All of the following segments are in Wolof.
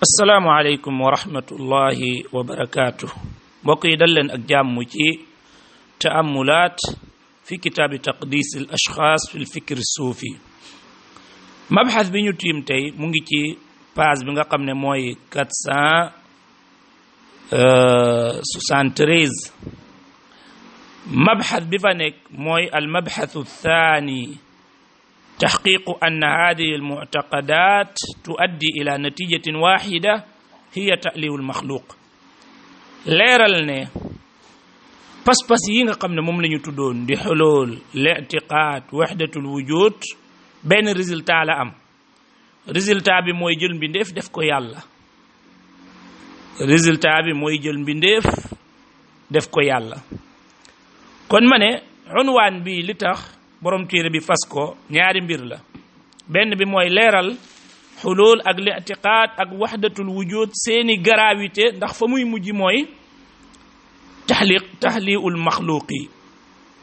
asalaamaaleykum wa rahmatullahi wa barakaatu mbokk yi dal leen ak jàmm ci taamulaat fi kitaabi taqdis al ashxaas fi lfikr suufi mabxas bi ñu tiim tey mu ngi ci page bi nga xam ne mooy 473 mabxas bi fa nekk mooy al mabxasu thaani تحقيق أن هذه المعتقدات تؤدي إلى نتيجة واحدة هي تأليف المخلوق ليرالنا بس بس ينغ قمنا مملن يتدون دي حلول الاعتقاد وحدة الوجود بين رزلتا على أم رزلتا بمويجل بندف دف كو يالا رزلتا بمويجل بندف دف كو يالا كون مني عنوان بي لتخ borom téere bi fas ko ñaari mbir la benn bi mooy leeral xulul ak li'tiqaad ak waxdatul wujud seeni gravité ndax fa muy mujj mooy taxliq taxliul maxluqi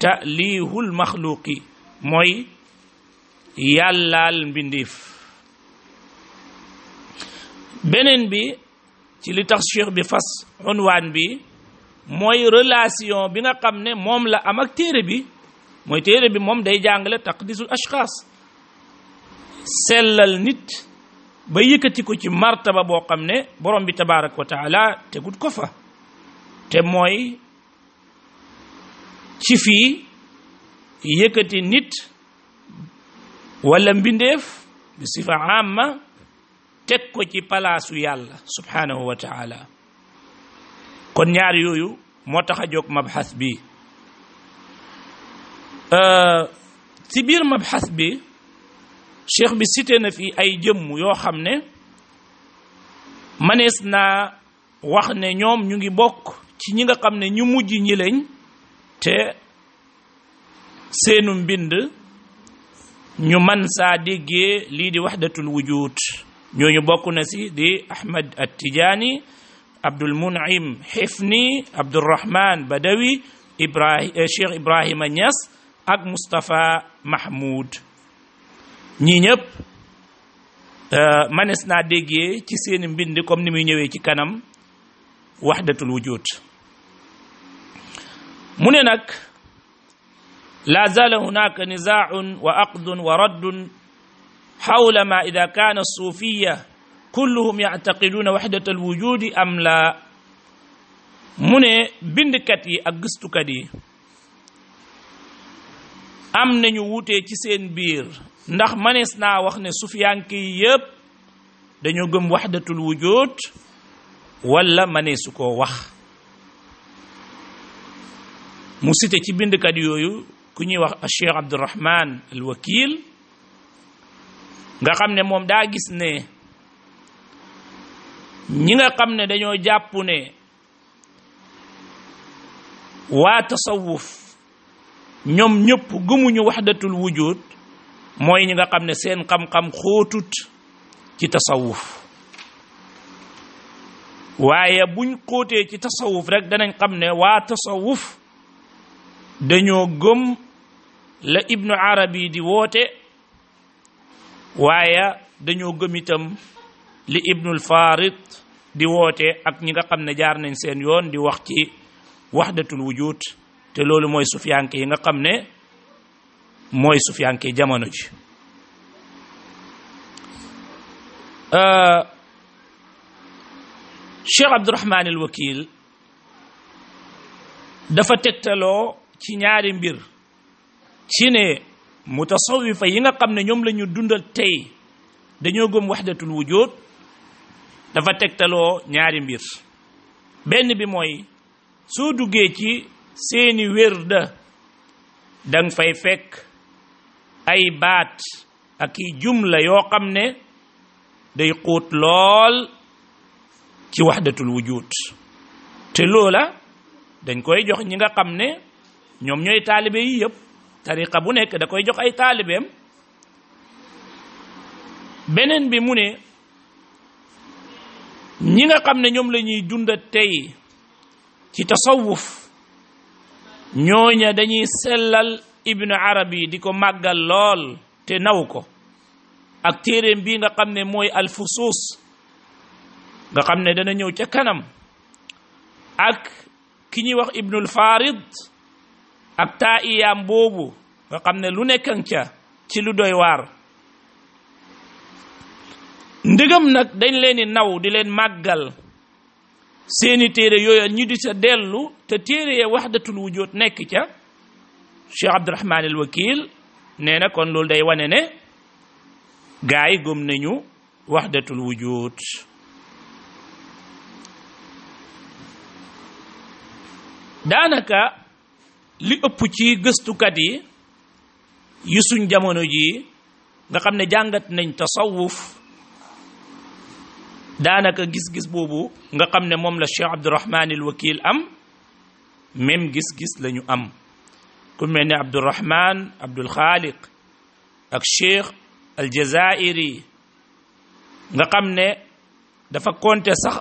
talihul maxluqi mooy yàllaal mbindiif beneen bi ci li tax cheikh bi fas unwaan bi mooy relation bi nga xam ne moom la am ak téere bi mooy téere bi moom day jàngale taqdisul ashxaas sellal nit ba yëkkati ko ci martaba boo xam ne borom bi tabaraka wa taala tegut ko fa te mooy ci fii yëkkati nit walla mbindeef bi sifa amma teg ko ci palaasu yàlla subhanahu wa kon ñaar yooyu moo tax a jóg bi Euh, ci biir mabxas bi cheikh bi cité na fi ay jëmm yoo xam ne manees naa wax ne ñoom ñu ngi bokk ci ñi nga xam ne ñu mujj ñi lañ te seenu mbind ñu man saa déggee lii di waxdatul wujud ñooñu bokk na si di ahmad at tijaani abdul munim xifni abdurahman badawi ibrahim eh, cheikh ibrahima ñas ak Moustapha Mahmoud ñii ñëpp euh, manes naa déggee ci seeni mbind comme ni muy ñëwee ci kanam waxdatul wujud mu ne nag la zala hunaka nizaaun wa aqdun wa raddun xawla ma ida kaana suufiya kulluhum yactaqiduuna waxdat alwujudi am laa mu ne bindkat yi ak gëstukat yi am nañu wuute ci seen biir ndax manees naa wax ne sufiyanke yi yépp dañoo gëm waxdatul wujud wala maneesu ko wax mu cité ci bindkat yooyu ku ñuy wax Cheikh Abdourahman al Wakil nga xam ne moom daa gis ne ñi nga xam ne dañoo jàpp ne waa tasawuf ñoom ñëpp gëmuñu waxdatul wujud mooy ñi nga xam ne seen xam-xam xóotut ci tasawuf waaye buñ xootee ci tasawuf rek danañ xam ne waa tasawuf dañoo gëm la ibnu arabi di woote waaye dañoo gëm itam li ibnul farid di woote ak ñi nga xam ne jaar nañ seen yoon di wax ci waxdatul wujud te loolu mooy sufiyanke yi nga xam ne mooy sufiyanke yi jamono ji euh, Cheikh Abdourahman al Wakil dafa tegtaloo ci ñaari mbir ci ne mutasawifa yi nga xam ne ñoom la ñu dundal tey dañoo gom waxdatul wujud dafa tegtaloo ñaari mbir benn bi mooy soo duggee ci seeni wérda danga fay fekk ay baat ak i jumla yoo xam ne day xuut lool ci waxdatul wujud te loola dañ koy jox ñi nga xam ne ñoom ñooy taalibe yi yëpp tariqa bu nekk da koy jox ay taalibeem beneen bi mu ne ñi nga xam ne ñoom lañuy ñuy dunda tey ci tasawuf ñooña dañuy sellal ibnu arabi di ko màggal lool te naw ko ak téeréem bii nga xam ne mooy alfusuus nga xam ne dana ñëw ca kanam ak ki ñuy wax ibnul farid ak taa'iyaam boobu nga xam ne lu nekkan ca ci lu doy war ndegam nag dañ leen naw di leen màggal seeni téere yooya ñu di sa dellu te téere ya waxdatul wujud nekk ca Cheikh Abdourahman al Wakil nee na kon loolu day wane ne gaa yi gëm nañu waxdatul wujud daanaka li ëpp ci gëstukat yi yu jamono ji nga xam ne jàngat nañ tasawuf daanaka gis-gis boobu nga xam ne moom la cheikh abdourahman al wakil am même gis-gis la ñu am ku mel ne abdourahman abdul xaaliq ak cheikh al jazairi nga xam ne dafa konte sax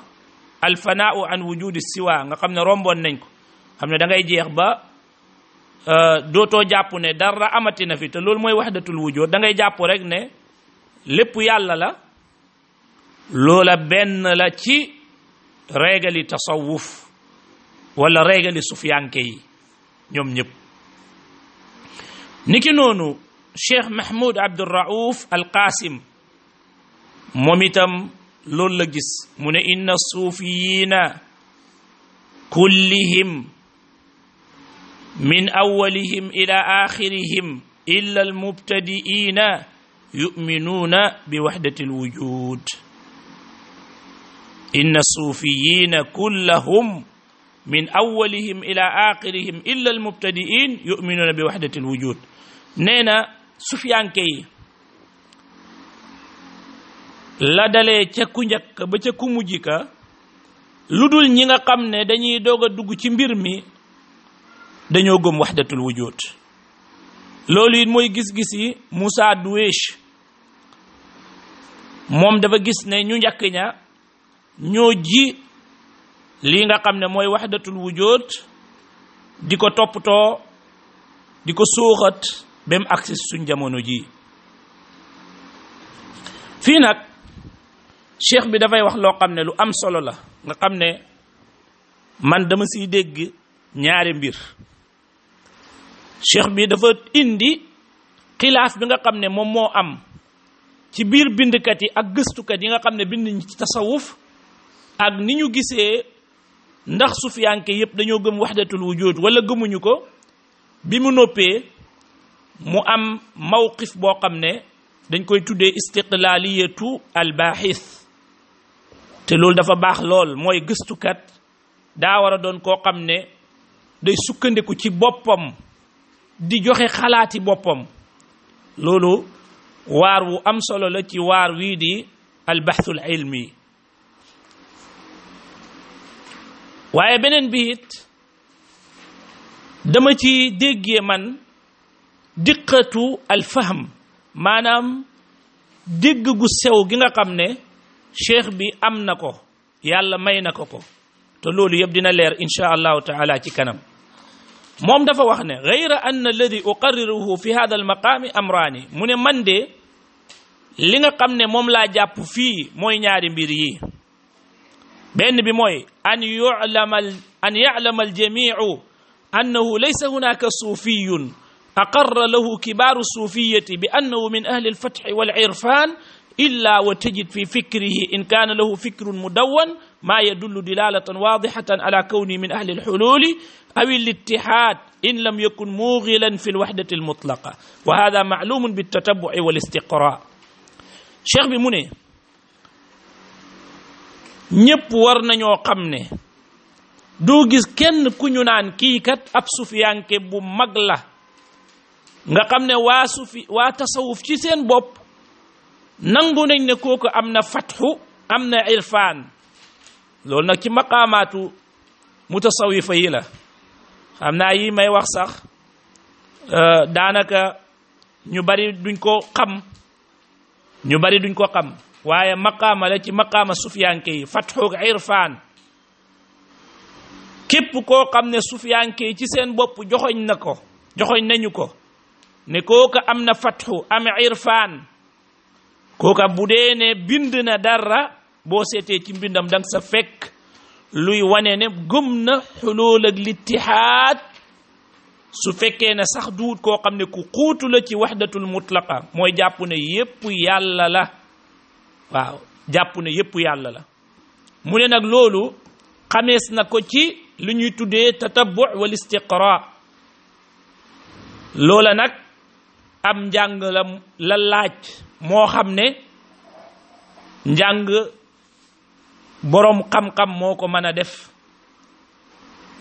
al fanaau an wujudi siwa nga xam ne romboon nañ ko xam ne da ngay jeex ba dootoo jàpp ne dara amati na fi te loolu mooy waxdatul wujud da ngay jàpp rek ne lépp yàlla la لولا بن لاتي تي رجل تصوف ولا رجل سفيان كي يوم نيب نيكي نونو شيخ محمود عبد الرؤوف القاسم موميتام لولا جيس من ان الصوفيين كلهم من اولهم الى اخرهم الا المبتدئين يؤمنون بوحده الوجود inna suuf yiina kun min awwalihim ila aakirihim illa almubtadiin yommuu bi waxdati waxtu wujud nee na suufyaankey ladalee ceku njaka ba ceku mujjika lu dul nya nga kam ne dañuy doog a dugg ci mbir mi dañoo gum waxtu wujud loolii mooy gis gisi Musaad Wech moom dafa gis ne ñu njakinya. ñoo ji lii nga xam ne mooy waxdatul wujud di ko toppatoo di ko suuxat ba mu suñ jamono ji fii nag cheikh bi dafay wax loo xam ne lu am solo la nga xam ne man dama siy dégg ñaari mbir cheikh bi dafa indi xilaaf bi nga xam ne moom moo am ci biir bindkat yi ak gëstukat yi nga xam ne bind ñi ci tasawuf ak ni ñu gisee ndax sufiyanke yépp dañoo gëm waxdatul wujud wala gëmuñu ko bi mu noppee mu am mawqif boo xam ne dañ koy tuddee istiqlaliyatu albaaxis te loolu dafa baax lool mooy gëstukat daa war a doon koo xam ne day sukkandiku ci boppam di joxe xalaati boppam loolu waar wu am solo la ci waar wii di albaxsul ilmi waaye beneen bi it dama ci déggee man diqatu alfaham maanaam dégg gu sew gi nga xam ne cheikh bi am na ko yàlla may na ko ko te loolu yëpp dina leer insha allahu taala ci kanam moom dafa wax ne gayra ann alladi fi hada almaqaami amraani mu ne man de li nga xam ne moom laa jàpp fii mooy ñaari mbir yi benn bi mooy أن يعلم أن يعلم الجميع أنه ليس هناك صوفي أقر له كبار الصوفية بأنه من أهل الفتح والعرفان إلا وتجد في فكره إن كان له فكر مدون ما يدل دلالة واضحة على كونه من أهل الحلول أو الاتحاد إن لم يكن موغلا في الوحدة المطلقة وهذا معلوم بالتتبع والاستقراء شيخ بمنيه ñépp war nañoo xam ne doo gis kenn ku ñu naan kii kat ab sufiyanke bu mag la nga xam ne waa sufi tasawuf ci seen bopp nangu nañ ne kooku am na fatxu am na irfaan loolu nag ci maqaamaatu mutasawifa yi la am naa yi may wax sax euh, daanaka ñu bari duñ ko xam ñu bari duñ ko xam waaye maqaama la ci maqaama sufiyanke yi fatxug irfaan képp koo xam ne sufiyanke ci seen bopp joxoñ na ko joxoñ nañu ko ne kooka am na fatxu am irfaan kooka bu dee ne bind na dara boo seetee ci mbindam dang sa fekk luy wane ne gëm na xulóol ak littihaad su fekkee ne sax duut koo xam ne ku xuutu la ci waxdatul mutlaqa mooy jàpp ne yépp yàlla la waaw jàpp na yépp yàlla la mu ne nag loolu xamees na ko ci lu ñuy tuddee tatabbu wal istiqra loola nag am njàng la la laaj moo xam ne njàng boroom xam-xam moo ko mën a def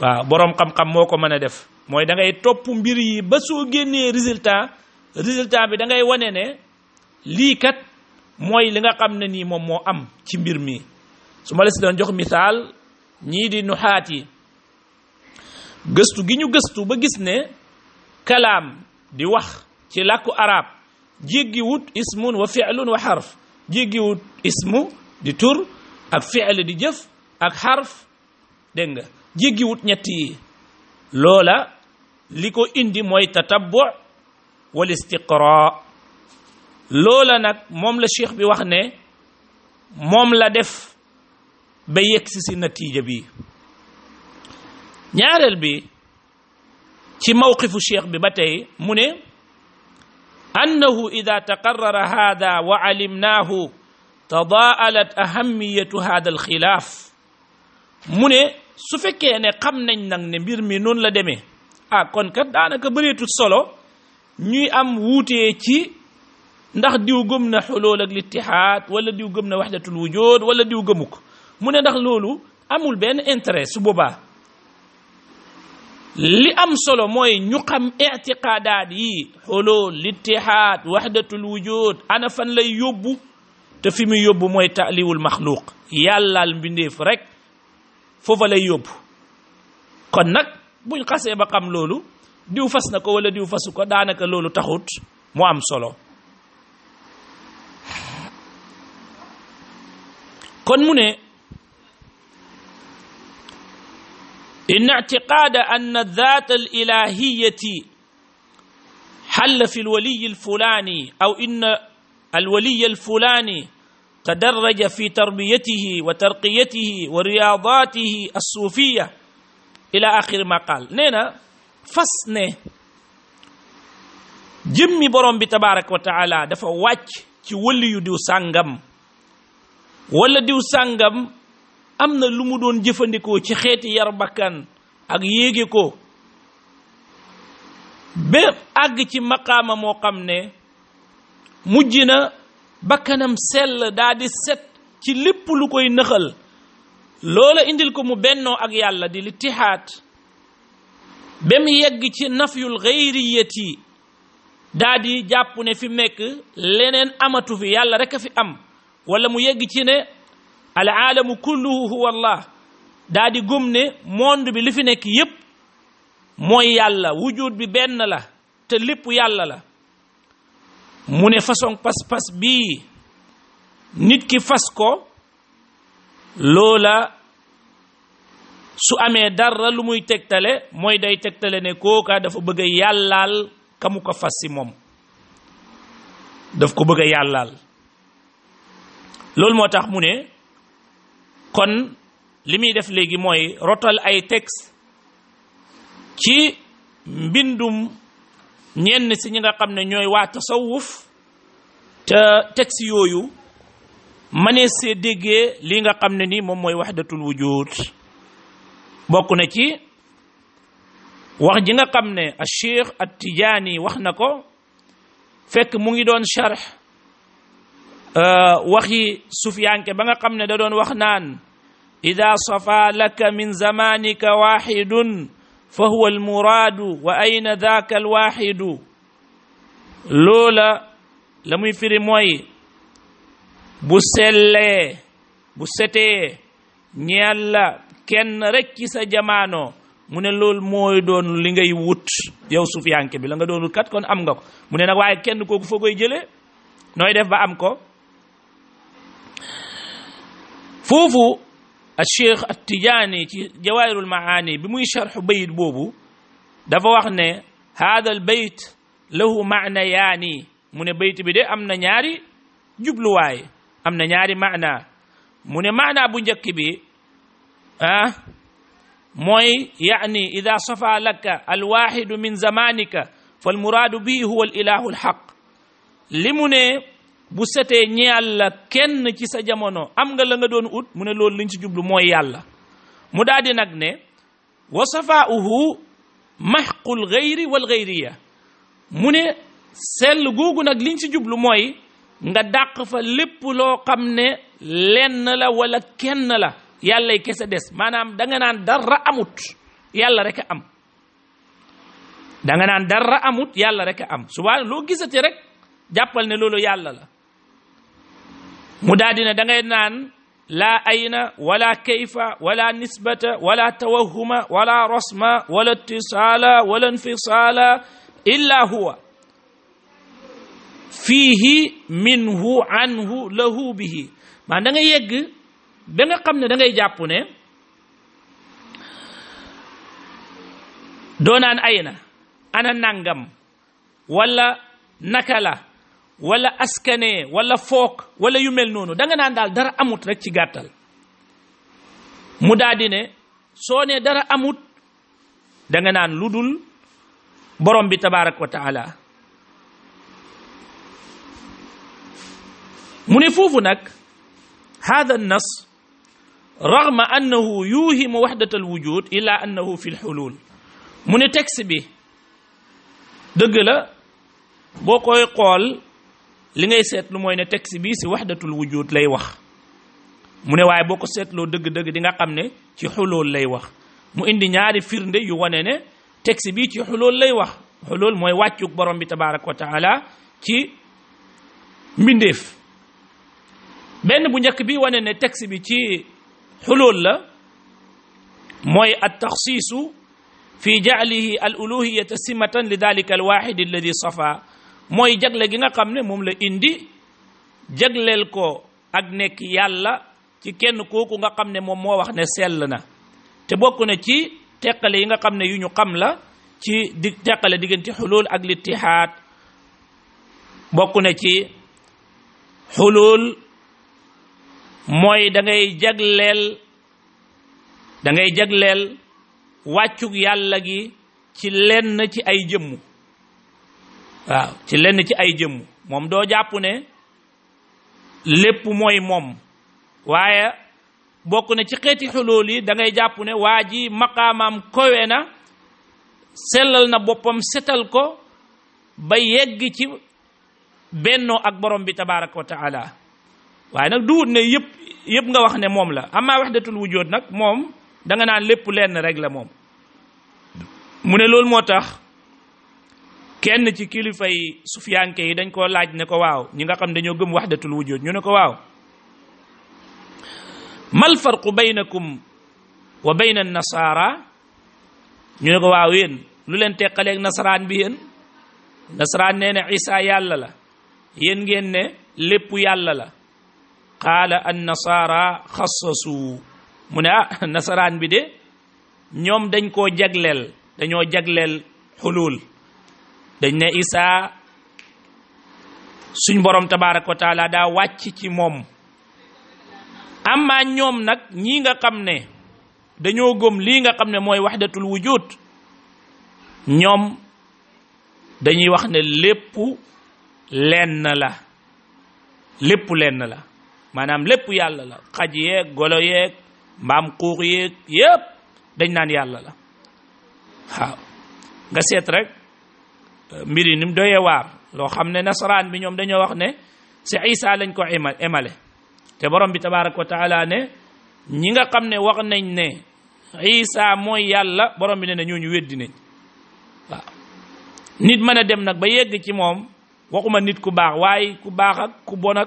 waaw boroom xam moo ko mën a def mooy da ngay topp mbir yi ba soo génnee résultat résultat bi da wane ne lii kat moy li nga xamne ni mom mo am ci mbir mi su ma la jox misal ñii di nuhati gëstu gi gëstu ba gis ne kalam di wax ci làkku arab wut ismun wa filun wa jigi wut ismu di tur ak fi'l di jëf ak harf deng nga wut ñett lola liko indi moy tatabbu wal istiqra' loola nag moom la cheikh bi wax ne moom la def ba yegsi si natiija bi ñaareel bi ci mawqifu cheikh bi ba tey mu ne annahu ida taqarrara hada wa alimnaahu tadaalat ahamiyatu hada alxilaaf mu ne su fekkee ne xam nañ nag ne mbir mi noonu la demee ah kon kat daanaka bëreetu solo ñuy am wuutee ci ndax diw gëm na xolool ak littihaad wala diw gëm na waxdatul wujud wala diw gëmu ko mu ne ndax loolu amul benn intérêt su boobaa li am solo mooy ñu xam ictiqaadaat yi xolool littihaad waxdatul wujud ana fan lay yóbbu te fi muy yóbbu mooy taaliwul maxluuq yàllaal mbindeef rek foofa lay yóbbu kon nag buñ xasee ba xam loolu diw fas na ko wala diw fasu ko daanaka loolu taxut mu am solo kon mu إن اعتقاد أن الذات الإلهية حل في الولي الفلاني أو إن الولي الفلاني تدرج في تربيته وترقيته ورياضاته الصوفية إلى آخر ما قال نينا فسني جمي بروم بتبارك وتعالى دفع واتش تولي يدو سانغم wala diw sàngam am na lu mu doon jëfandikoo ci xeeti yar bakkan ak yéege ko ba àgg ci maqaama moo xam ne mujj na bakkanam sell daldi set ci lépp lu koy nëxal loola indil ko mu bennoo ak yàlla di littihaat ba yegg ci nafyul xayriyati daa di jàpp ne fi mekk leneen amatu fi yàlla rekk a fi am walla mu yegg ci ne al aalamu kulluhu huwa allah daa di gum ne monde bi li fi nekk yépp mooy yàlla wujud bi benn la te lépp yàlla la mu ne façon pas-pas bii nit ki fas ko loola su amee dara lu muy tegtale mooy day tegtale ne kooka dafa bëgg a yàllaal ka ko fas si moom daf ko bëgg a yàllaal loolu moo tax mu ne kon li muy def léegi mooy rotal ay texte ci mbindum ñenn si ñi nga xam ne ñooy waa tasawuf te texte yooyu mënees see déggee li nga xam ne ni moom mooy waxdatul wujud bokk na ci wax ji nga xam ne a cheikh at tijaani wax na ko fekk mu ngi doon charx Euh, waxi sufiyanke ba nga xam ne da doon wax naan ida safa laka min zamanika waxidun fa huwa almuraadu wa ayna daaka alwaxidu loola la muy firi moy bu sellee bu la kenn rek ci sa jamaano mu ne lool mooy doon li ngay wut yow sufiyanke bi la nga doonul kat kon am nga mu ne nag waaye kenn kooku foo koy jëlee nooy def ba am ko فوفو الشيخ التجاني جواهر المعاني بموي شرح بيت بوبو dafa wax ne haadal bayt lahu maana yaani mu ne bayt bi de am na ñaari jubluwaay am na ñaari maana mu ne maana bu njëkk bi ah mooy yaani ida safa laka alwaxidu min zamanika falmuraadu bihi huwa alilahu alxaq li mu ne bu setee ñeel la kenn ci sa jamono am nga la nga doon ut mu ne loolu liñ si jublu mooy yàlla mu daal di nag ne wa safaauhu maxqul gayri wal gayriya mu ne sell googu nag liñ si jublu mooy nga dàq fa lépp loo xam ne lenn la wala kenn la yàllay kese des maanaam da nga naan dara amut yàlla rek am da nga naan dara amut yàlla rek am subaa loo gisate rek jàppal ne loolu yàlla la مدادنا دغينان لا أين ولا كيف ولا نسبة ولا توهم ولا رسم ولا اتصال ولا انفصال إلا هو فيه منه عنه له به ما دنگا يگ بنگا قمنا دنگا يجابونه دونان أين أنا نانغم ولا نكلا wala askane wala fook wala yu mel noonu da nga naan daal dara amut rek ci gàttal mu daal di ne soo ne dara amut da nga naan lu dul borom bi tabarak wa taala mu ne foofu nag hada nas رغم أنه يوهم وحدة الوجود إلا أنه في الحلول من تكس به دقلا بوكوي قول li ngay seetlu mooy ne texte bi si waxdatul wujud lay wax mu ne waaye boo ko seetloo dëgg-dëgg di nga xam ne ci xulool lay wax mu indi ñaari firnde yu wane ne texte bi ci xulool lay wax xulool mooy wàccuk borom bi tabaraka wa taala ci mbindeef benn bu njëkk bi wane ne texte bi ci xulool la mooy at taxsiisu fi jaalihi al uluhiyata simatan li dalika al waxid alladi safa mooy jagle gi nga xam ne moom la indi jagleel ko ak nekk yàlla ci kenn kooku nga xam ne moom moo wax ne sell na te bokk na ci teqale yi nga xam ne yu ñu xam la ci di teqale diggante xulul ak littihaad bokk na ci xulul mooy da ngay jagleel da jagleel wàccug yàlla gi ci lenn ci ay jëmm waaw ci lenn ci ay jëmm moom doo jàppu ne lépp mooy moom waaye bokk na ci xeeti xulóol yi dangay ngay jàpp ne waa ji maqaamaam kowe na sellal na boppam setal ko ba yegg ci bennoo ak borom bi tabaraka wa taala waaye nag duwut ne yëpp yëpp nga wax ne moom la amaa wahdatul wujud nag moom danga naan lépp lenn rek la moom mu ne loolu moo tax kenn ci kilifa yi sufiyanke yi dañ koo laaj ne ko waaw ñi nga xam dañoo gëm waxdatul wujud ñu ne ko waaw mal farqu baynakum wa bayna nasara ñu ne ko waaw yéen lu leen teqaleeg nasaraan bi yéen nasaraan nee na isa yàlla la yéen ngeen ne lépp yàlla la qaala an nasara xassasu mu ne ah, nasaraan bi de ñoom dañ koo jagleel dañoo jagleel xulul dañ ne Isa suñ borom tabaaraka wa daa wàcc ci moom amma ñoom nag ñii nga xam ne dañoo gëm lii nga xam ne mooy waxdatul wujud ñoom dañuy wax ne lépp lenn la lépp lenn la maanaam lépp yàlla la xaj yeek golo yeek mbaam xuux yeeg yépp dañ naan yàlla la waaw nga seet rek mbir yi ni mu doyee waar loo xam ne nasaraan bi ñoom dañoo wax ne si isa lañ ko emale te borom bi tabaraka wa taala ne ñi nga xam ne wax nañ ne isa mooy yàlla borom bi ne na ñooñu ñu nañ waaw nit mën a dem nag ba yegg ci moom waxuma nit ku baax waaye ku baax ak ku bon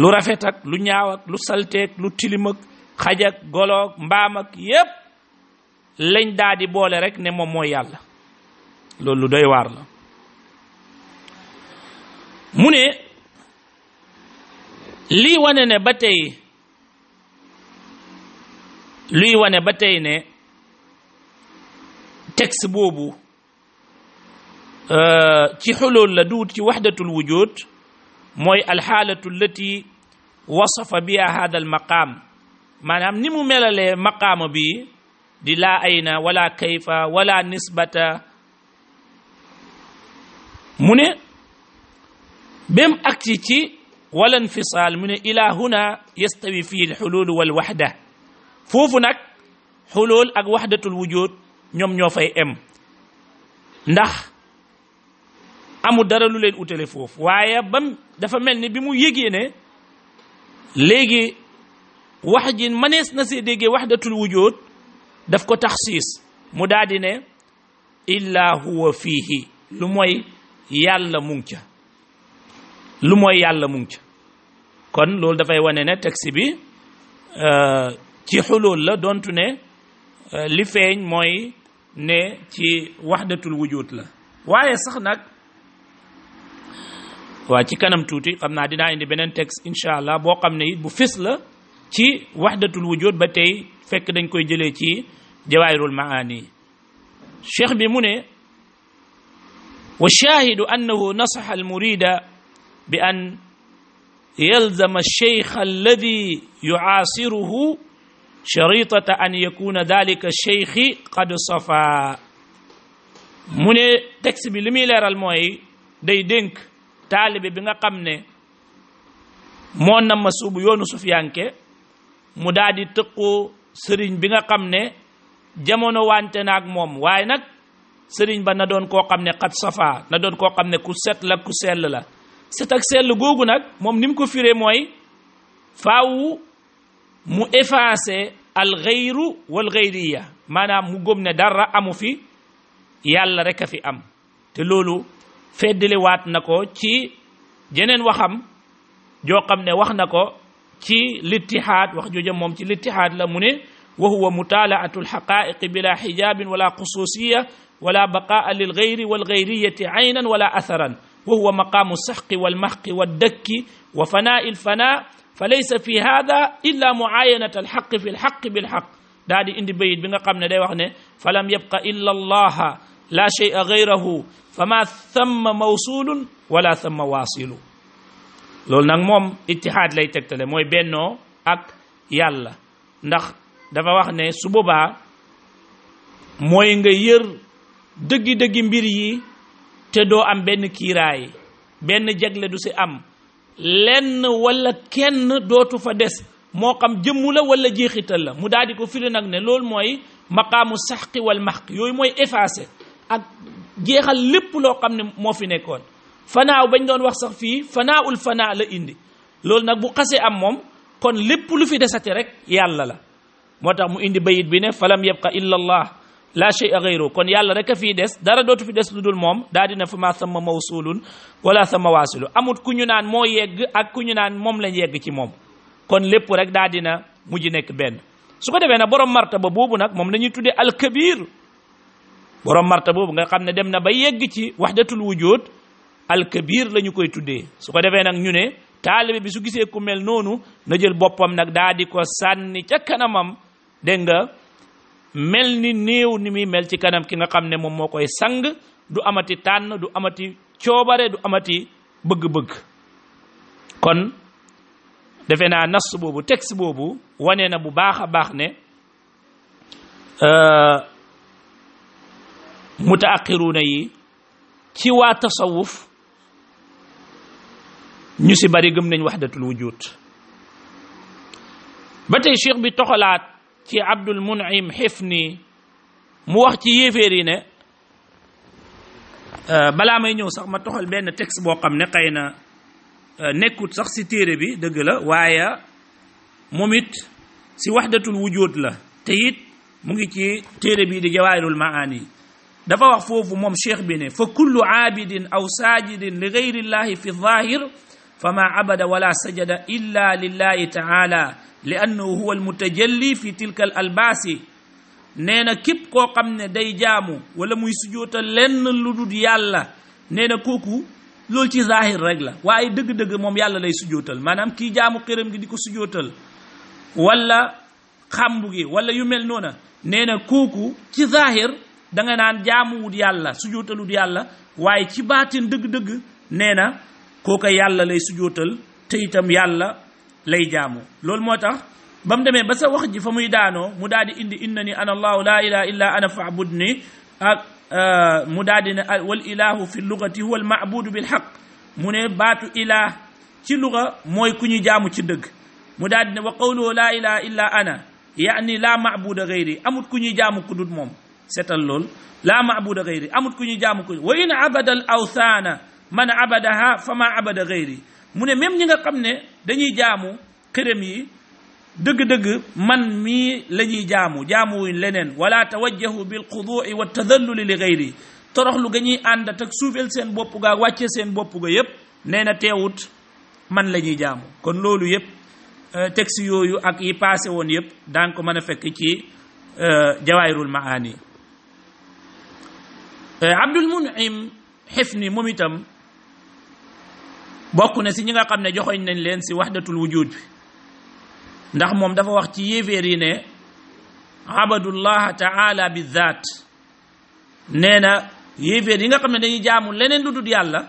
lu rafetak lu ñaaw lu salteek lu tilim ak xaj ak goloog mbaam ak yépp lañ daa di boole rek ne moom mooy yàlla loolu lu doy waar la mu ne lii wane ne ba tey luy wane ba tey ne texte boobu ci xulul la duut ci waxdatul wujud mooy alxaalatu allati wasafa biha hada almaqaam maanaam ni mu melalee maqaama bi di laa ayna wala kayfa wala nisbata mu ne même agsi ci wala infisaal mu ne ila huna yastawi fii lxulul walwaxda foofu nag xulul ak waxdatul wujud ñoom ñoo fay em ndax amul dara lu leen utale foofu waaye bam dafa mel ni bi mu yégee ne léegi wax ji manees na see déggee waxdatul wujud daf ko taxsiis mu daal di ne illa huwa fiihi lu mooy yàlla mu ngi ca lu mooy yàlla mu ca kon loolu dafay wane na texte bi euh, ci xulul la dontu ne euh, li feeñ mooy ne ci waxdatul wujud la waaye sax nag waa ci kanam tuuti xam naa dinaa indi beneen texte incha allah boo xam ne it bu fis la ci waxdatul wujud ba tey fekk dañ koy jëlee ci jawaayirul maani cheikh bi mu ne والشاهد أنه نصح المريد بأن يلزم الشيخ الذي يعاصره شريطة أن يكون ذلك الشيخ قد صفى من تكسب لميلر الموي دي دينك طالب بيغا خامني moo namm suubu yoonu sufiyanke mu تقو di tëqoo sëriñ bi وانتناك موم ne jamono sëriñ ba na doon koo xam ne xat safa na doon koo xam ne ku set la ku sell la set ak sell googu nag moom ni mu ko firee mooy faaw mu effacé al xayru wal xayriya maanaam mu gëm ne dara amu fi yàlla rek a fi am te loolu feddaliwaat na ko ci jeneen waxam joo xam ne wax na ko ci littihaad wax jooja moom ci littihaad la mu ne وهو متالعة الحقائق بلا حجاب ولا خصوصية ولا بقاء للغير والغيرية عينا ولا أثرا وهو مقام السحق والمحق والدك وفناء الفناء فليس في هذا إلا معاينة الحق في الحق بالحق دادي اند بيت بيغا خامني داي واخني فلم يبقى إلا الله لا شيء غيره فما ثم موصول ولا ثم واصل لول nag موم اتحاد لاي تكتل موي bennoo اك يالا ndax dafa wax ne su boobaa mooy nga yër dëggi-dëggi mbir yi te doo am benn kiiraay benn jagle du si am lenn wala kenn dootu fa des moo xam jëmmu la wala jeexital la mu daal di ko firi nag ne loolu mooy maqaamu saxqi wal maxq yooyu mooy effacé ak jeexal lépp loo xam ne moo fi nekkoon fanaa bañ doon wax sax fii ul fanaa la indi loolu nag bu xasee am moom kon lépp lu fi desate rek yàlla la motax mu indi bayit bi ne falam yabqa illa allah la shay ghayru kon yàlla rek fi dess dara dotu fi dess ludul mom dadi na dina sama mawsulun wala sama wasilu amut ku ñu naan mo yegg ak ku ñu naan mom lañ yegg ci mom kon lépp rek daa dina mujj nek ben su ko defé na borom martaba bobu nak mom lañuy tuddé al kabir borom martaba bobu nga xamne dem na ba yegg ci wahdatul wujud al kabir ñu koy tuddé su ko defé nak ñune ne bi su gisé ku mel nonu na jël bopam nak dadi ko sànni ca kanamam dégg nga mel ni néew ni muy mel ci kanam ki nga xam ne moom moo koy sang du amati tànn du amati coobare du amati bëgg-bëgg kon defe naa nas boobu texte boobu wane na bu baax a baax ne euh, mutaaxiruuna yi ci waa tasawuf ñu si bari gëm nañ wahdatul wujud ba tey cheikh bi toxalaat ci abdul munim xifni mu wax ci yéeféer yi ne balaa may ñëw sax ma toxal benn texte boo xam ne xëy na nekkut sax si téere bi dëgg la waaye moom it si waxdatul wujud la te it mu ngi ci téere bii di jawaahirul maani dafa wax foofu moom cheikh bi ne fa kullu aabidin aw saajidin li gayrillahi fi zahir فما عبد ولا سجد إلا لله تعالى لأنه هو المتجلي في تلك الألباس nee na képp koo xam ne day jaamu wala muy sujjóota lenn lu dul yàlla nee na kooku loolu ci zaahir rek la waaye dëgg-dëgg moom yàlla lay sujjóotal maanaam kii jaamu xëram gi di ko sujjóotal wala xambu gi wala yu mel noona nee na kooku ci zaahir da nga naan jaamuwut yàlla sujjóotalul yàlla waaye ci baatin dëgg-dëgg nee koka yàlla lay sujootal te itam yàlla lay jaamu lol motax bam deme ba sa wax ji famuy daano mu dadi indi innani ana allah la ilaha illa ana fa'budni ak mu dadi wal ilahu fi lughati huwa al ma'bud bil haqq mune batu ilah ci lugha moy kuñu jaamu ci deug mu dadi wa qawlu la ilaha illa ana yaani laa maabuda gayri amut ku ñuy jaamu ku dut moom setal lool laa maabuda gayri amut ku ñuy jaamu ku wa in abada al awthaana man abadaha fama abada gayri mu ne même ñi nga xam ne dañuy jaamu këram yi dëgg-dëgg man mii lañuy ñuy jaamu jaamuwuñ leneen wala tawajjahu bil xudui wa tadalluli li gayri toroxlu ga ñuy ànd ak suufel seen bopp gaa wàcce seen bopp ga yépp nee na teewut man lañuy jaamu kon loolu yépp euh, texte yooyu ak yi passé woon yépp daan ko mën a fekk ci euh, jawaahirul maani euh, abdul munim xifni moom itam bokk na si ñi nga xam ne joxoñ nañ leen si waxdatul wujud bi ndax moom dafa wax ci yéeféer yi ne abadullaha taala bi zaat nee na yéeféer yi nga xam ne dañuy jaamu leneen lu dul yàlla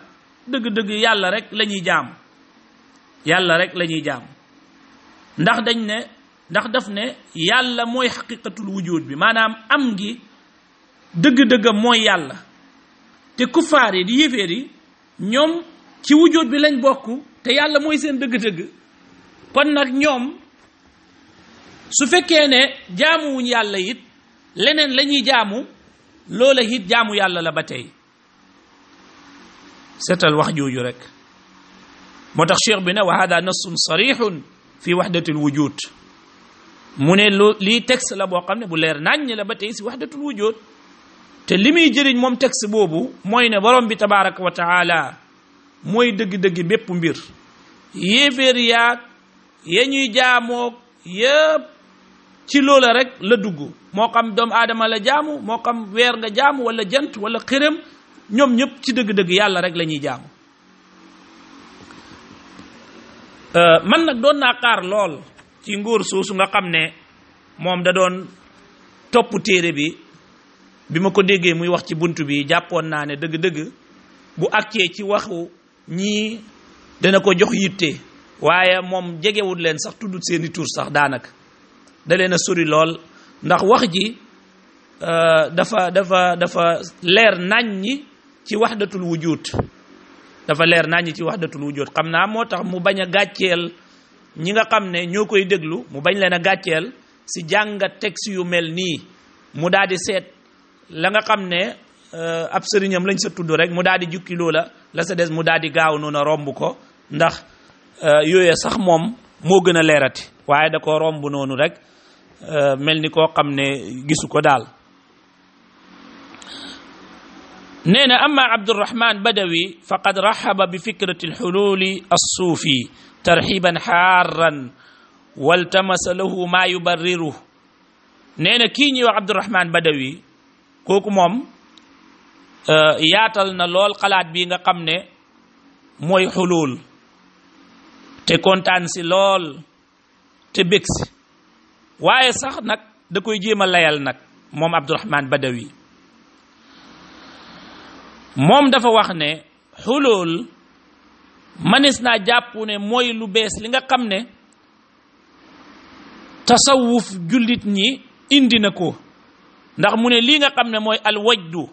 dëgg-dëgg yàlla rek la ñuy jaamu yàlla rek la ñuy jaamu ndax dañ ne ndax daf ne yàlla mooy xaqiqatul wujud bi maanaam am gi dëgg-dëggam mooy yàlla te kuffaar yi di yéeféer yi ñoom ci wujjoot bi lañ bokk te yàlla mooy seen dëgg-dëgg kon nag ñoom su fekkee ne jaamuwuñ yàlla it leneen la ñuy jaamu loola it jaamu yàlla la ba tey seetal wax jooju rek moo tax cheikh bi ne wa hada nassun sarixun fi waxdatul wujud mu ne lu lii texte la boo xam ne bu leer naññ la ba tey si waxdatul wujud te li muy jëriñ moom texte boobu mooy ne borom bi tabaraka wa taala mooy dëgg-dëgg bépp mbir yéeféer yaag ya ñuy jaamoog yépp ci loola rek la dugg moo xam doomu aadama la jaamu moo xam weer nga jaamu wala jant wala xërëm ñoom ñëpp ci dëgg-dëgg yàlla rek lañuy ñuy jaamu euh, man nag doon naa xaar lool ci nguur soosu nga xam ne moom da doon topp téere bi bi ma ko déggee muy wax ci bunt bi jàppoon naa ne dëgg-dëgg bu àggee ci waxu ñii dana ko jox yitte waaye moom jegewul leen sax tuddut seeni tur sax daanaka da leen a sori lool ndax wax ji euh, dafa dafa dafa leer nañ ñi ci waxdatul wujud dafa leer nañ ñi ci waxdatul wujud xam naa moo tax mu bañ a gàcceel ñi nga xam ne ñoo koy déglu mu bañ leen a gàcceel si jàngat texte yu mel nii mu daal di seet la nga xam ne Euh, ab sëriñam lañ sa tudd rek mu daal di jukki loola la sa des mu daal di gaaw noonu romb ko ndax euh, yooye sax moom moo gën a leerati waaye da ko romb noonu rek euh, mel ni koo xam ne gisu ko daal nee na ama abdurahman badawi faqad raxaba bi fikrati alxululi alsuufi tarxiban xaaran waltamasa lahu maa yubarriru nee na kii ñuy wax abdurahman badawi kooku moom Euh, yaatal na lool xalaat bi nga xam ne mooy xulul te kontaan si lool te bég si waaye sax nag da koy jéem a layal nag moom Abdurahman Badawi moom dafa wax ne xulul manis naa jàpp ne mooy lu bees li nga xam ne tasawuf jullit ñi indi na ko ndax mu ne lii nga xam ne mooy alwajdu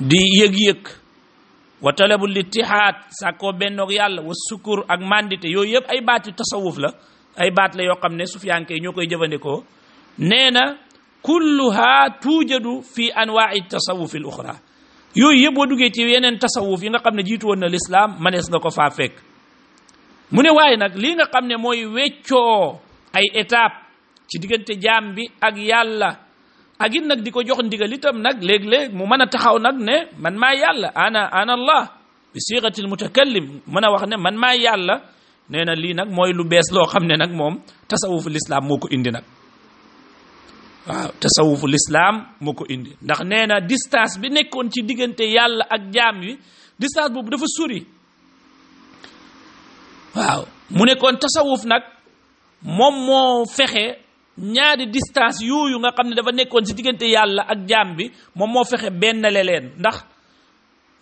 di yëg-yëg wa talabul ittihaad sàkkoo bennoog yàlla wa sukkur ak mandite yooyu yëpp ay baati tasawuf la ay baat la yoo xam ne sufiyanke yi ñoo koy jëfandikoo nee na kulluha tuujadu fi anwaai tasawuf al uxra yooyu yëpp boo duggee ci yeneen tasawuf yi nga xam ne jiitu na lislaam manees nga ko faa fekk mu ne waaye nag lii nga xam ne mooy weccoo ay étape ci diggante jaam ak yàlla ak it nag di ko jox ndigal itam nag léeg-léeg mu mën a taxaw nag ne man maa yàlla ana ana allah bi siixatil mutakallim mën a wax ne man maa yàlla nee na lii nag mooy lu bees loo xam ne nag moom tasawufu lislaam moo ko indi nag waaw tasawufu lislaam moo ko indi ndax nee na distance bi nekkoon ci diggante yàlla ak jaam wi distance boobu dafa sori waaw mu nekkoon tasawuf nag moom moo fexe ñaari distance yooyu nga xam ne dafa nekkoon si diggante yàlla ak jaam bi moom moo fexe bennale leen ndax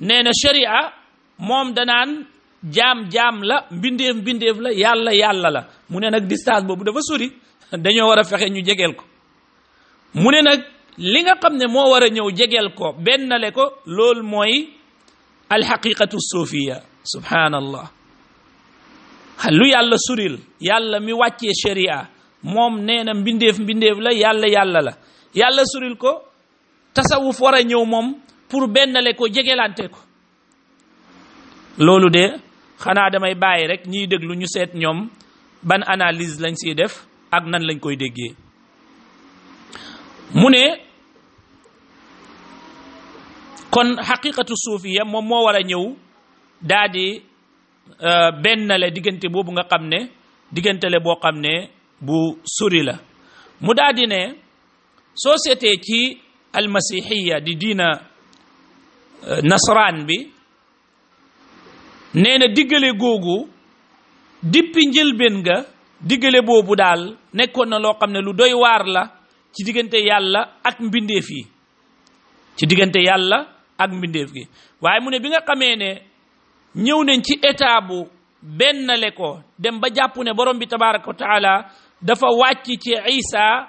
nee na sharia moom danaan jaam jaam la mbindeef mbindeef la yàlla yàlla la mu ne nag distance boobu dafa sori dañoo war a fexe ñu jegeel ko mu ne nag li nga xam ne moo war a ñëw jegeel ko bennale ko loolu mooy alxaqiqatu suufiya subhaanallah lu yàlla suril yàlla mi wàccee sharia moom nee na mbindeef mbindeef la yàlla yàlla la yàlla suril ko tasawuf war a ñëw moom pour bennale ko jegelante ko loolu de xanaa damay bàyyi rek ñiy déglu ñu seet ñoom ban analise lañ siy def ak nan lañ koy déggee mu ne kon xaqiqatu suufiya moom moo war a ñëw daa di euh, bennale diggante boobu nga xam ne diggante diggantale boo xam ne bu sori la mu daal di ne soo seetee ci almasihiya di diina eh, nasaraan bi nee na diggale googu dippi njëlbeen ga diggale boobu daal nekkoon na loo xam ne lu doy waar la ci diggante yàlla ak mbindeef yi ci diggante yàlla ak mbindeef gi waaye mu ne bi nga xamee ne ñëw nañ ci état bu benn le ko dem ba jàpp ne borom bi tabaraka wa dafa wàcc ci isa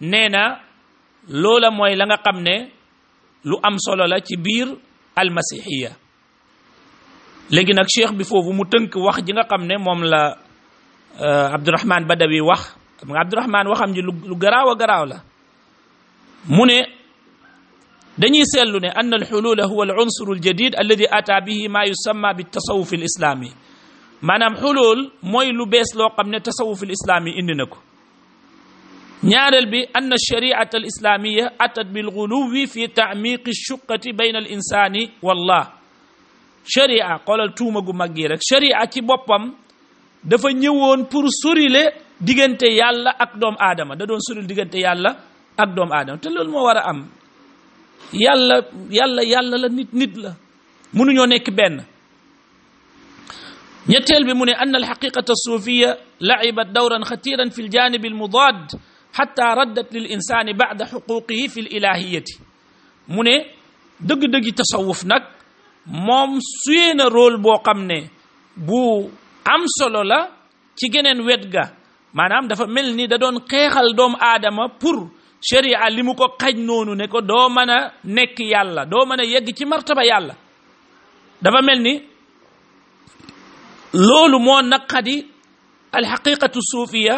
nee na loola mooy la nga xam ne lu am solo la ci biir almasihiya léegi nag cheikh bi foofu mu tënk wax ji nga xam ne moom la abdourahman badawi wax xam nga abdourahman waxam ji lu garaaw a garaaw la mu ne dañuy seetlu ne an alxulula huwa alcunsur aljadid alladi ata bihi ma yusamma bitasawuf alislami manam hulul moy lu bes lo xamne tasawuf al islami indi nako ñaaral bi an al shariata al islaamiya atat bil guluwi fi ta'miq al shuqqati bayna al insani wallah sharia qala tuma gu magi rek sharia ci bopam dafa ñëwoon pour surile diggante yàlla ak dom aadama da doon suril diggante yàlla ak dom aadama te loolu mo wara am yàlla yàlla yàlla la nit nit la munu ñoo nek benn نيتل بمن أن الحقيقة الصوفية لعبت دورا خطيرا في الجانب المضاد حتى ردت للإنسان بعد حقوقه في الإلهية من دق دق تصوفنك موم سوين رول بو قمني بو أمسلو لا تيجنن ويدغا ما نام دفع ملني دادون قيخل دوم آدم پور شريعة لمكو قج نونو نكو دومنا نك يالا دومنا يجي مرتبة يالا دفع ملني loolu moo naqadi alxaqiqatu suufiya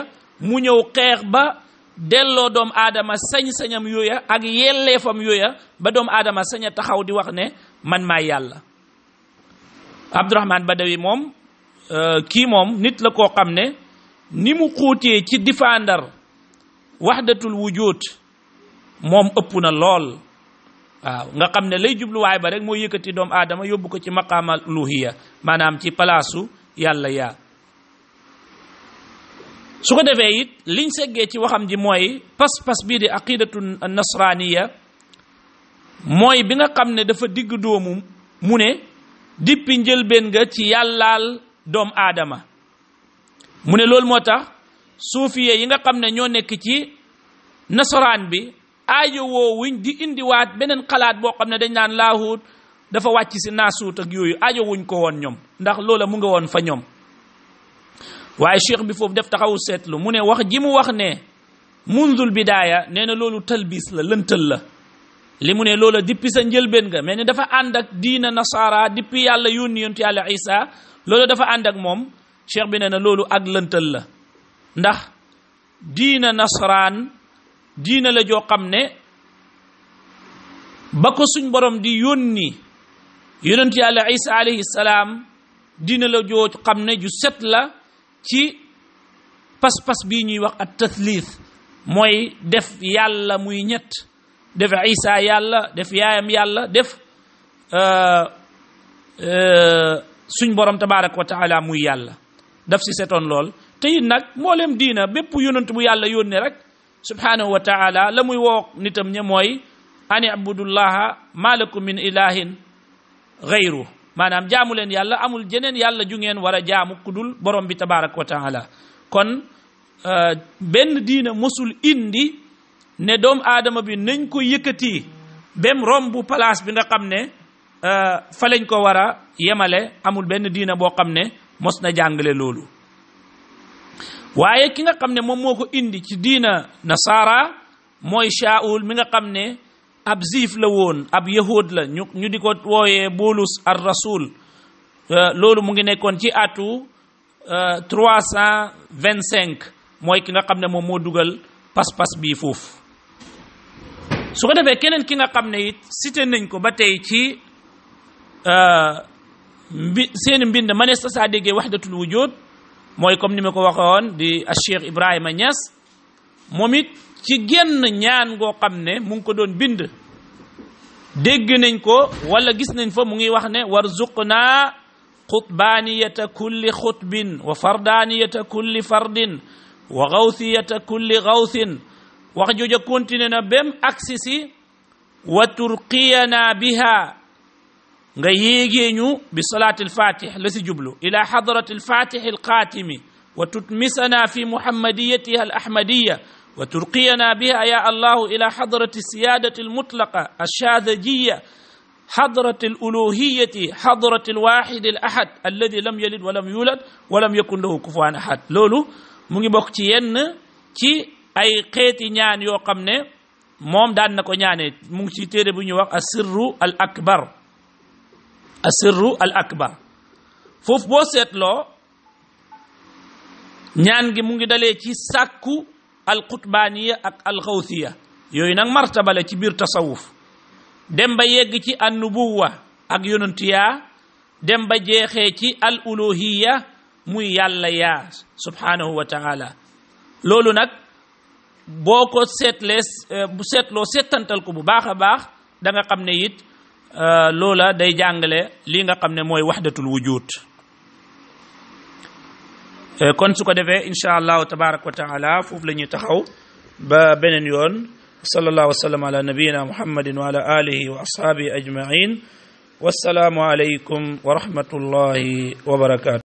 mu ñëw xeex ba delloo doom aadama sañ-sañam yooya ak yelleefam yooya ba doom aadama sañ a taxaw di wax ne man maa yàlla abdourahman badawi moom euh, kii moom nit la koo xam ne ni mu xuutee ci difaandar waxdatul wujud mom ëpp na lool waaw nga xam ne lay jubluwaay ba rek moo yëkkati doom aadama yóbbu ci maqaama luhiya maanaam ci palaasu yàlla yaa su ko defee it liñ seggee ci waxam ji mooy pas-pas bii di aqidatu nasraniya mooy bi nga xam ne dafa digg doomu mu ne dippi njëlbeen nga ci yàllaal doom aadama mu ne loolu moo tax suufiye yi nga xam ne ñoo nekk ci nasoraan bi aajo woowuñ di indiwaat beneen xalaat boo xam ne dañ naan laahut dafa wàcc si naa suut ak yooyu ajowuñ ko woon ñoom ndax loola mu nga woon fa ñoom waaye cheikh bi foofu def taxawu seetlu mu ne wax ji mu wax ne mundul bidaaya nee na loolu talbis la lëntal la li mu ne loola dippi sa njëlbeen nga mais ni dafa ànd ak diina nasaara dippi yàlla yónni yontu yàlla isa loolu dafa ànd ak moom cheikh bi nee na loolu ak lëntal la ndax diina nasaraan diina la joo xam ne ba ko suñ borom di yónni yonent yàlla isa alayhi salaam dina la joo xam ne ju set la ci pas-pas bii ñuy wax at tathliith mooy def yàlla muy ñett def isa yàlla def yaayam yàlla def euh, euh, suñ borom tabaaraka wa taala muy yàlla daf si setoon lool te it nag mboolem diina bépp yonent bu yàlla yónnee rek subhanahu wa la muy woo nitam ña mooy ani abudullaha malakum min ilahin xayru maanaam jaamu leen yàlla amul jeneen yàlla ju ngeen war a jaamu ku borom bi tabaaraka wa taala kon benn diina mosul indi ne doom aadama bi nañ ko yëkkati bem rombu palaas bi nga xam ne euh, fa lañ ko war a yemale amul benn diina boo xam ne mos na jàngale loolu waaye ki nga xam ne moom moo ko indi ci diina nasaara mooy shaul mi nga xam ne ab ziif la woon ab yahud la ñu ñu di ko wooyee bulus ar rasul euh, loolu mu ngi nekkoon ci atu euh, trois cent vingt cinq mooy ki nga xam ne moom moo dugal pas-pas bii foofu su ko defee keneen ki nga xam ne it cité nañ ko ba tey ci euh, mbi seeni mbind manees tasaa déggee wahdatul wujud mooy comme ni ma ko waxoon di Cheikh Ibrahima Niass moom it ci genn ñaan goo xam ne mu ngi ko doon bind dégg nañ ko wala gis nañ fa mu ngi wax ne warzuqna qutbaniyata kulli xutbin wa fardaniyata kulli fardin wa gawsiyata kulli gawsin wax jooja continué na bem aksi si wa turqiyana biha nga yéegee ñu bi salaat alfatih la si jublu ila xadrat alfatih alqatimi wa tutmisana fi muhammadiyatiha alahmadiya وترقينا بها يا الله إلى حضرة السيادة المطلقة الشاذجية حضرة الألوهية حضرة الواحد الأحد الذي لم يلد ولم يولد ولم يكن له كفوا أحد لولو مغي بوك تي ين تي أي قيتي نيان يو قمني موم دان نكو نياني مغي تي تيري بني وق السر الأكبر السر الأكبر فوف بو لو ñaan جي mu دالي كي ساكو alqutbaaniya ak alxawsiya yooyu nag martaba la ci biir tasawuf demba yegg ci annubuwa ak yonent yaa dem ba jeexee ci al uluhiya muy yàlla ya subhanahu wa taala loolu nag boo ko seetlee bu seetloo setantal ko bu baax a baax danga nga xam ne it euh, loola day jàngale li nga xam ne mooy waxdatul wujud kon su ko defee incha allahu tabaraka wa taala foofu la ñuy taxaw ba beneen yoon sallallahu wasallam ala nabiyina muhammadin wa ala alihi wa ashabihi ajmain wassalaamu alaykum wa rahmatullahi wa barakatu